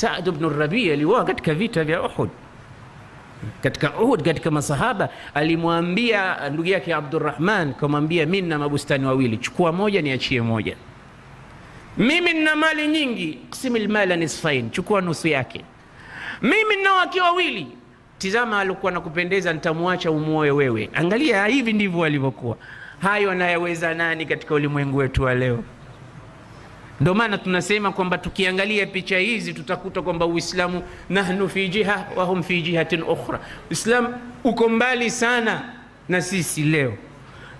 Saad bnu Rabi aliuawa katika vita vya Uhud. Katika Uhud, katika masahaba alimwambia ndugu yake Abdurrahman, kamwambia mimi na mabustani wawili, chukua moja niachie moja. Mimi nina mali nyingi, qsimil mala nisfain, chukua nusu yake. Mimi nina wake wawili, tizama alikuwa nakupendeza, nitamwacha umuoe wewe. Angalia, hivi ndivyo walivyokuwa. Hayo anayaweza nani katika ulimwengu wetu wa leo? Ndio maana tunasema kwamba tukiangalia picha hizi tutakuta kwamba Uislamu nahnu fi jiha wa hum fi jihatin ukhra, Uislamu uko mbali sana na sisi leo.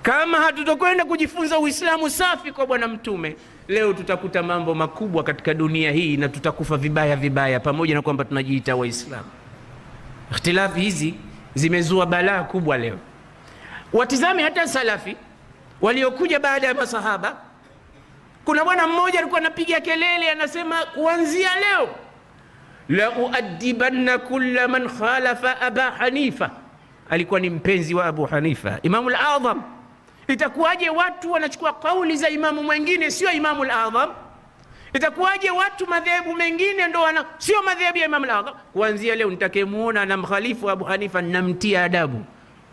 Kama hatutokwenda kujifunza Uislamu safi kwa Bwana Mtume, leo tutakuta mambo makubwa katika dunia hii na tutakufa vibaya vibaya, pamoja na kwamba tunajiita Waislamu. Ikhtilafu hizi zimezua balaa kubwa leo. Watizame hata salafi waliokuja baada ya masahaba kuna bwana mmoja alikuwa anapiga kelele, anasema kuanzia leo la uaddibanna kulla man khalafa aba Hanifa. Alikuwa ni mpenzi wa Abu Hanifa, Imamu Ladham. Itakuwaje watu wanachukua kauli za imamu mwengine, sio Imamu Ladham? Itakuwaje watu madhehebu mengine ndo wana sio madhehebu ya Imamu Ladham? Kuanzia leo nitakayemuona na mkhalifu Abu Hanifa namtia adabu,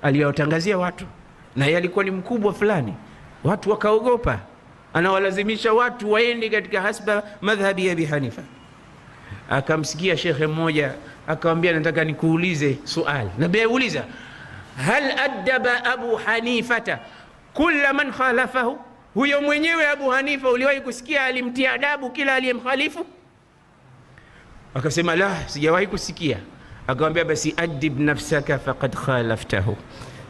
aliyotangazia watu, na yeye alikuwa ni mkubwa fulani, watu wakaogopa anawalazimisha watu waende katika hasba madhhabi ya Abi Hanifa. Akamsikia shekhe mmoja akamwambia, nataka nikuulize suali. Nabii hal addaba Abu Hanifata kula man khalafahu, huyo mwenyewe Abu Hanifa uliwahi kusikia alimtia adabu kila aliyemkhalifu? Akasema la, sijawahi kusikia. Akamwambia, basi adib nafsaka faqad khalaftahu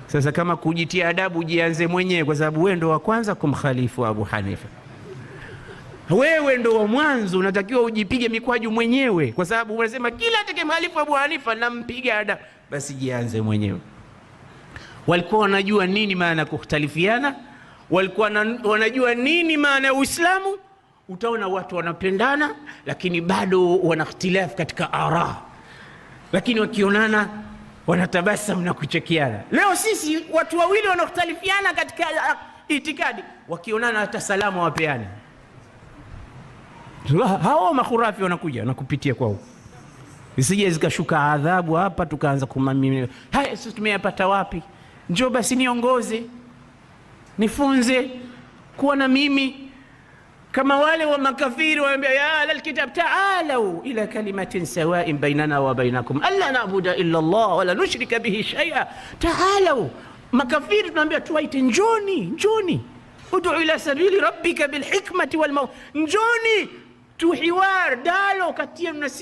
sasa kama kujitia adabu, jianze mwenyewe, kwa sababu wewe ndo wa kwanza kumkhalifu Abu Hanifa. Wewe ndo wa mwanzo, unatakiwa ujipige mikwaju mwenyewe, kwa sababu unasema kila atakemhalifu Abu Hanifa nampiga adabu. Basi jianze mwenyewe. Walikuwa wanajua nini maana ya kuhtalifiana, walikuwa wanajua nini maana ya Uislamu. Utaona watu wanapendana, lakini bado wanakhtilafu katika ara, lakini wakionana wanatabasamu na kuchekiana. Leo sisi watu wawili wanaokhtalifiana katika ah, itikadi wakionana, hata salamu wapeane. Hao makhurafi wanakuja na kupitia kwa huko, zisije zikashuka adhabu hapa, tukaanza kumamia haya, sisi tumeyapata wapi? Njoo basi niongoze, nifunze kuwa na mimi كما والي ومكافير ويا أهل الكتاب تعالوا إلى كلمة سواء بيننا وبينكم ألا نعبد إلا الله ولا نشرك به شيئا تعالوا مكافير تويت جوني جوني ادعو إلى سبيل ربك بالحكمة والموت نجوني تو حوار دالو كتير